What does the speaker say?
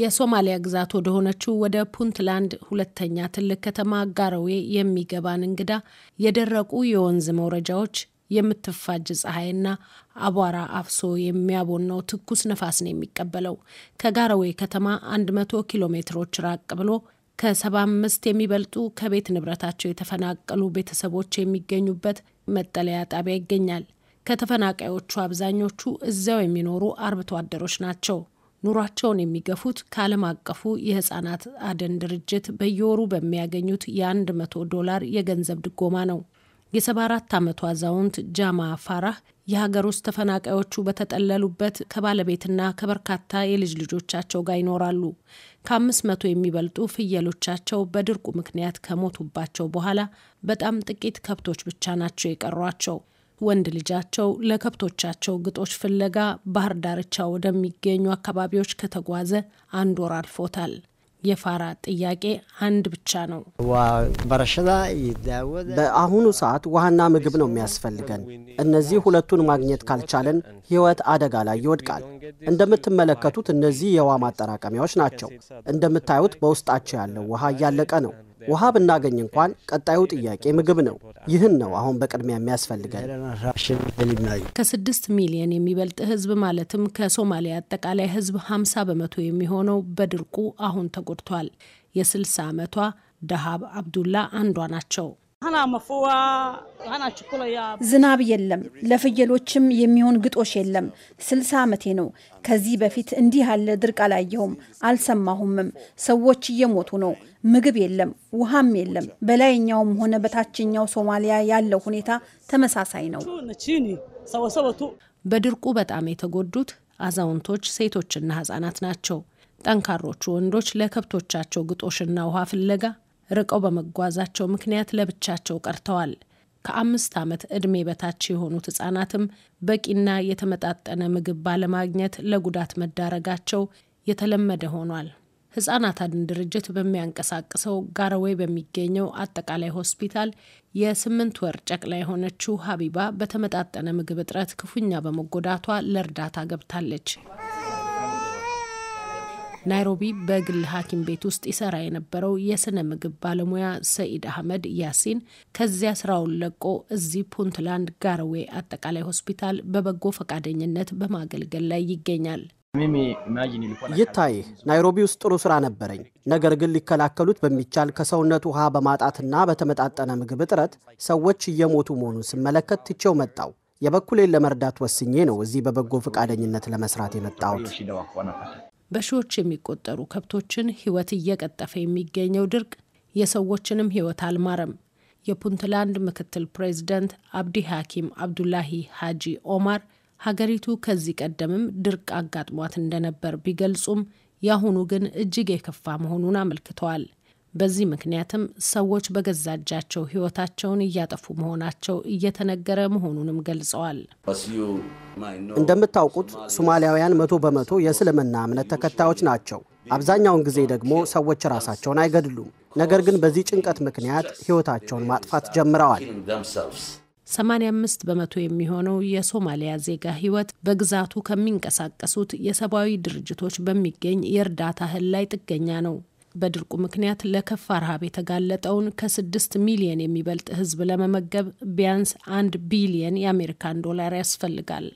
የሶማሊያ ግዛት ወደ ሆነችው ወደ ፑንትላንድ ሁለተኛ ትልቅ ከተማ ጋረዌ የሚገባን እንግዳ የደረቁ የወንዝ መውረጃዎች፣ የምትፋጅ ፀሐይና አቧራ አፍሶ የሚያቦናው ትኩስ ነፋስ ነው የሚቀበለው። ከጋረዌ ከተማ 100 ኪሎ ሜትሮች ራቅ ብሎ ከ75 የሚበልጡ ከቤት ንብረታቸው የተፈናቀሉ ቤተሰቦች የሚገኙበት መጠለያ ጣቢያ ይገኛል። ከተፈናቃዮቹ አብዛኞቹ እዚያው የሚኖሩ አርብቶ አደሮች ናቸው። ኑሯቸውን የሚገፉት ከዓለም አቀፉ የህጻናት አደን ድርጅት በየወሩ በሚያገኙት የአንድ መቶ ዶላር የገንዘብ ድጎማ ነው። የሰባ አራት ዓመቱ አዛውንት ጃማ ፋራህ የሀገር ውስጥ ተፈናቃዮቹ በተጠለሉበት ከባለቤትና ከበርካታ የልጅ ልጆቻቸው ጋር ይኖራሉ። ከአምስት መቶ የሚበልጡ ፍየሎቻቸው በድርቁ ምክንያት ከሞቱባቸው በኋላ በጣም ጥቂት ከብቶች ብቻ ናቸው የቀሯቸው። ወንድ ልጃቸው ለከብቶቻቸው ግጦሽ ፍለጋ ባህር ዳርቻ ወደሚገኙ አካባቢዎች ከተጓዘ አንድ ወር አልፎታል። የፋራ ጥያቄ አንድ ብቻ ነው። በአሁኑ ሰዓት ውሃና ምግብ ነው የሚያስፈልገን። እነዚህ ሁለቱን ማግኘት ካልቻለን ሕይወት አደጋ ላይ ይወድቃል። እንደምትመለከቱት እነዚህ የውሃ ማጠራቀሚያዎች ናቸው። እንደምታዩት በውስጣቸው ያለው ውሃ እያለቀ ነው። ውሃ ብናገኝ እንኳን ቀጣዩ ጥያቄ ምግብ ነው። ይህን ነው አሁን በቅድሚያ የሚያስፈልገን። ከስድስት ሚሊየን የሚበልጥ ህዝብ ማለትም ከሶማሊያ አጠቃላይ ህዝብ ሀምሳ በመቶ የሚሆነው በድርቁ አሁን ተጎድቷል። የ60 ዓመቷ ደሃብ አብዱላ አንዷ ናቸው። ዝናብ የለም፣ ለፍየሎችም የሚሆን ግጦሽ የለም። ስልሳ ዓመቴ ነው። ከዚህ በፊት እንዲህ ያለ ድርቅ አላየሁም፣ አልሰማሁምም። ሰዎች እየሞቱ ነው። ምግብ የለም፣ ውሃም የለም። በላይኛውም ሆነ በታችኛው ሶማሊያ ያለው ሁኔታ ተመሳሳይ ነው። በድርቁ በጣም የተጎዱት አዛውንቶች፣ ሴቶችና ህጻናት ናቸው። ጠንካሮቹ ወንዶች ለከብቶቻቸው ግጦሽና ውሃ ፍለጋ ርቀው በመጓዛቸው ምክንያት ለብቻቸው ቀርተዋል። ከአምስት ዓመት ዕድሜ በታች የሆኑት ሕፃናትም በቂና የተመጣጠነ ምግብ ባለማግኘት ለጉዳት መዳረጋቸው የተለመደ ሆኗል። ሕፃናት አድን ድርጅት በሚያንቀሳቅሰው ጋረዌ በሚገኘው አጠቃላይ ሆስፒታል የስምንት ወር ጨቅላ የሆነችው ሀቢባ በተመጣጠነ ምግብ እጥረት ክፉኛ በመጎዳቷ ለእርዳታ ገብታለች። ናይሮቢ በግል ሐኪም ቤት ውስጥ ይሰራ የነበረው የስነ ምግብ ባለሙያ ሰኢድ አህመድ ያሲን ከዚያ ስራውን ለቆ እዚህ ፑንትላንድ ጋርዌ አጠቃላይ ሆስፒታል በበጎ ፈቃደኝነት በማገልገል ላይ ይገኛል። ይታይ ናይሮቢ ውስጥ ጥሩ ስራ ነበረኝ። ነገር ግን ሊከላከሉት በሚቻል ከሰውነት ውሃ በማጣትና በተመጣጠነ ምግብ እጥረት ሰዎች እየሞቱ መሆኑን ስመለከት ትቼው መጣው። የበኩሌን ለመርዳት ወስኜ ነው እዚህ በበጎ ፈቃደኝነት ለመስራት የመጣሁት። በሺዎች የሚቆጠሩ ከብቶችን ህይወት እየቀጠፈ የሚገኘው ድርቅ የሰዎችንም ህይወት አልማረም። የፑንትላንድ ምክትል ፕሬዚደንት አብዲ ሐኪም አብዱላሂ ሃጂ ኦማር ሀገሪቱ ከዚህ ቀደምም ድርቅ አጋጥሟት እንደነበር ቢገልጹም የአሁኑ ግን እጅግ የከፋ መሆኑን አመልክተዋል። በዚህ ምክንያትም ሰዎች በገዛ እጃቸው እያጠፉ መሆናቸው እየተነገረ መሆኑንም ገልጸዋል። እንደምታውቁት ሶማሊያውያን መቶ በመቶ የእስልምና እምነት ተከታዮች ናቸው። አብዛኛውን ጊዜ ደግሞ ሰዎች ራሳቸውን አይገድሉም። ነገር ግን በዚህ ጭንቀት ምክንያት ህይወታቸውን ማጥፋት ጀምረዋል። 85 በመቶ የሚሆነው የሶማሊያ ዜጋ ህይወት በግዛቱ ከሚንቀሳቀሱት የሰብአዊ ድርጅቶች በሚገኝ የእርዳታ እህል ላይ ጥገኛ ነው። በድርቁ ምክንያት ለከፋ ረሃብ የተጋለጠውን ከስድስት ሚሊየን የሚበልጥ ህዝብ ለመመገብ ቢያንስ አንድ ቢሊየን የአሜሪካን ዶላር ያስፈልጋል።